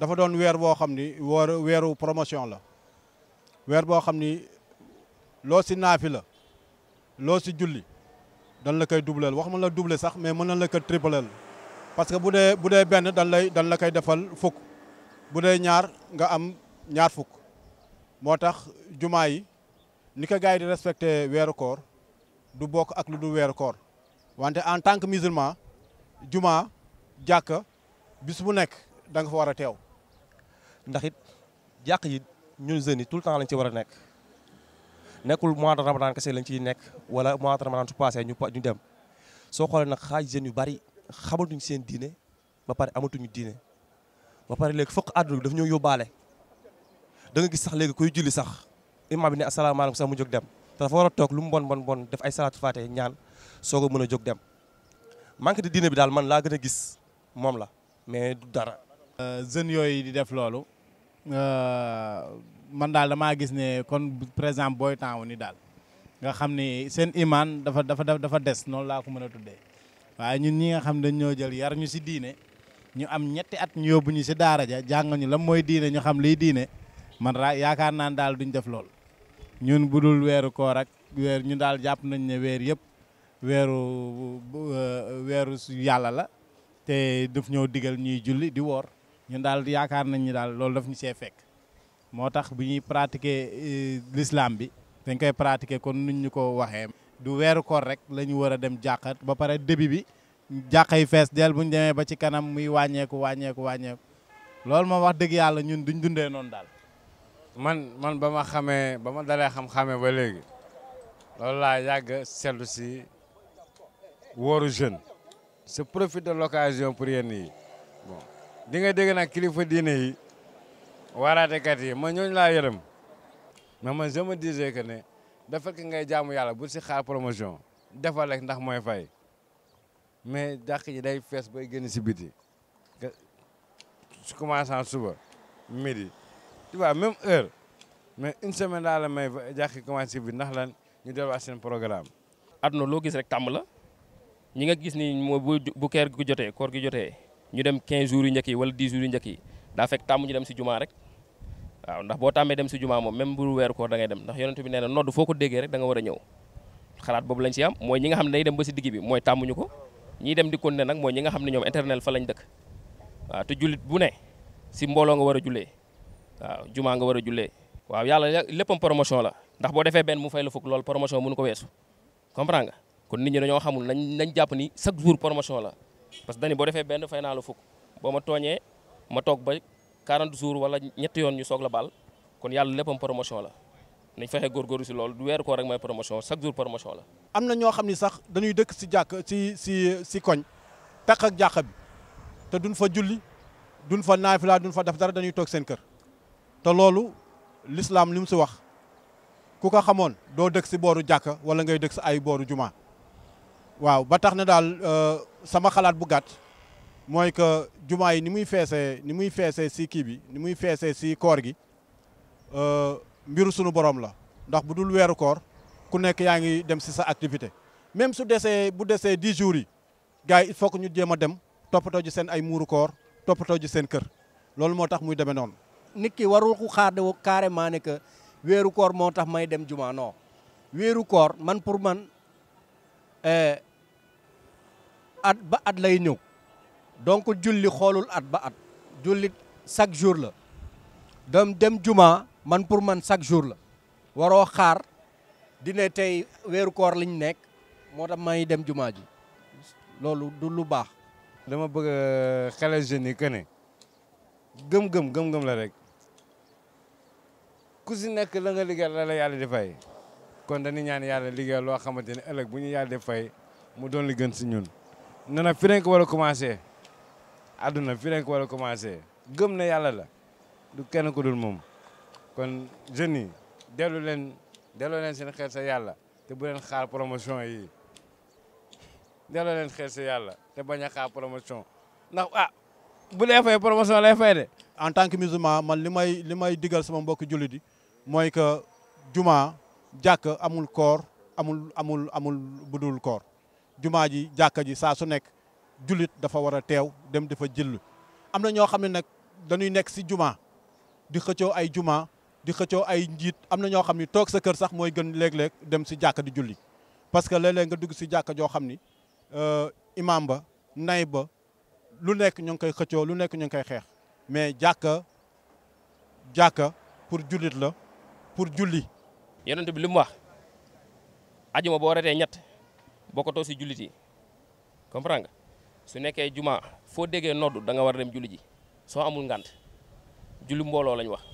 dafa doon weer boo xam ni war weeru promotion la weer boo xam ni loo si naafi la loo si julli dan la koy doubleel wax ma la double sax mais mën na la ko tripleel parce que bu dee bu dee benn dan lay dan la koy defal fukk bu dee ñaar nga am ñaar fukk moo tax jumaa yi ni ko gars yi di respecté weeru koor du bokk ak lu dul weeru koor wante en tant que musulman juma jàkka bis bu nekk danga nga fa war a teew ndax it jàkk yi ñun jeunes yi tout le temps lañ ci war a nekk nekkul mois de ramadan kese lañ ciy nekk wala mois de ramadan su passé ñu ñu dem soo xoolee nag xaaj jeunes yu bari xamatuñ seen diine ba pare amatuñu diine ba pare léegi fokk àdduna bi daf ñoo yóbbaale da nga gis sax léegi koy julli sax imaam bi ne asalaamaaleykum sax mu jóg dem te dafa war a toog lu mu bon bon bon def ay salaatu faate ñaan soog a mën a jog dem manque de diine bi daal man laa gën a gis moom la mais du dara. Euh, jeunes yooyu di def loolu euh, man daal damaa gis ne kon par exemple booy taawu ni daal nga xam ni seen imaan dafa dafa dafa des noonu laa ko mën a tuddee waaye ñun ñi nga xam dañ ñoo jël yar ñu si diine ñu am ñetti at ñu yóbbu ñu si daara ja jàngal ñu lan mooy diine ñu xam liy diine man raa yaakaar naan daal duñ def loolu. ñun bu dul weeru koor ak weer ñu daal jàpp nañ ne weer yëpp weeru euh, weeru yàlla la te daf ñëw digal ñuy julli di woor ñun daal yaakaar nañ ñu daal loolu daf ñu see fekk moo tax bu ñuy pratiquer euh, l'islam bi dañ koy pratiquer kon nuñ ñu ko waxee du weeru koor rek la ñu war a dem jàqat ba pare début bi jàqa yi fees del bu ñu demee ba ci kanam muy wàññeeku wàññeeku wàññeeku loolu moo wax dëgg yàlla ñun duñ dundee noonu daal man man ba ma xamee ba ma dalee xam-xamee ba léegi loolu laa yàgg seetlu si wóoru jeune se profit de l'occasion pour yenn yi bon di nga dégg nag kilifa diine yi waaraatekat yi ma ñooñu laa yërëm mais man je me disais que ne dafa fekk ngay jaamu yàlla bu si xaar promotion defal rek ndax mooy fay mais jàq ji day fees bay génn si biti su suba midi tu vois heure mais une semaine laa la may jàkki commencé bi ndax lan ñu delluwaat seen programme. àdduna loo gis rek tàmm la ñi nga gis ni mooy bu bu keer gi jotee koor gi jotee ñu dem 15 jours yu njëkk yi wala 10 jours yu njëkk yi daa fekk tàmm ñu dem si jumaa rek waaw ndax boo tàmmee dem si jumaa moom même bu weer koor da ngay dem ndax yonent bi nee na nodd foo ko déggee rek da war a ñëw xalaat boobu lañ si am mooy ñi nga xam ne day dem ba si digg bi mooy tàmmuñu ko ñiy dem di continuer nag mooy ñi nga xam ne ñoom internet fa lañ dëkk waaw te jullit bu ne si mbooloo nga war a jullee waaw jumaa nga war a jullee waaw yàlla léppam promotion la ndax boo defee benn mu fay la fukk loolu promotion mënu ko weesu comprendre nga kon nit ñi nañ nañ jàpp ni chaque jour promotion la parce que dañu boo defee benn fay naa la fukk boo ma tooñee ma toog ba 40 jours wala ñetti yoon ñu soog la baal kon yàlla léppam promotion la nañ fexe góorgóorlu si loolu du weeru ko rek mooy promotion chaque jour promotion la. am na ñoo xam ni sax dañuy dëkk si jàkk si si si koñ peq ak jàkk bi te duñ fa julli duñ fa naafila duñ fa def dara dañuy toog seen kër. te loolu lislaam li mu si wax ku ko xamoon doo dëkk si booru jàkka wala ngay dëkk si ay booru juma waaw ba tax ne daal euh, sama xalaat bu gàtt mooy que juma yi ni muy feesee ni muy feesee si kii bi ni muy feesee si koor gi euh, mbiru sunu borom la ndax bu dul weeru koor ku nekk yaa ngi dem si sa activité même su desee bu desee di jours yi gars yi ñu jéem a dem toppatoo ji seen ay muuru koor toppatoo ji seen kër loolu moo tax muy demee noonu nit ki warul ko xaar de carrément ne que weeru koor moo tax may dem juma non weeru koor man pour man eh, at ba at lay ñëw donc julli xoolul at ba at julli chaque jour la dem dem jumaa man pour man chaque jour la waroo xaar dina tey weeru koor liñ nekk moo tax may dem jumaa ji loolu du lu baax. dama bëgg euh, xelal jeunes yi que ne gëm-gëm gëm-gëm la rek. ku si nekk la nga liggéeyal la la yàlla di fay kon dañu ñaan yàlla liggéeyal loo xamante ni ëllëg bu ñu yàlla di fay mu doon li gën si ñun. nee na fi nekk war a commencé àdduna fi nekk war a commencé gëm na yàlla la du kenn ku dul moom kon jeunes yi dellu leen delloo leen seen xel sa yàlla te bu leen xaar promotion yi delloo leen xel sa yàlla te bañ xaar promotion ndax ah. bu lay fay promotion lay fay de. en tant que musulman man li may li may digal sama mbokk jullit di mooy que juma jàkk amul koor amul amul amul budul koor juma ji jàkka ji saa su nekk jullit dafa war a teew dem dafa jëll am na ñoo xam ne nag dañuy nekk si juma di xëccoo ay juma di xëccoo ay njiit am na ñoo xam ne toog sa kër sax mooy gën léeg-léeg dem si jàkka di julli parce que léeg-léeg nga dugg si jàkka joo xam ni euh, imaam ba nay ba lu nekk ñu ngi koy xëccoo lu nekk ñu ngi koy xeex mais jàkka jàkka pour jullit la pour julli. yonent bi li mu wax ajuma boo ratee ñett bokkatoo si jullit yi comprendre nga su nekkee juma foo déggee noddu da nga war a dem julli ji soo amul ngant julli mbooloo lañ wax.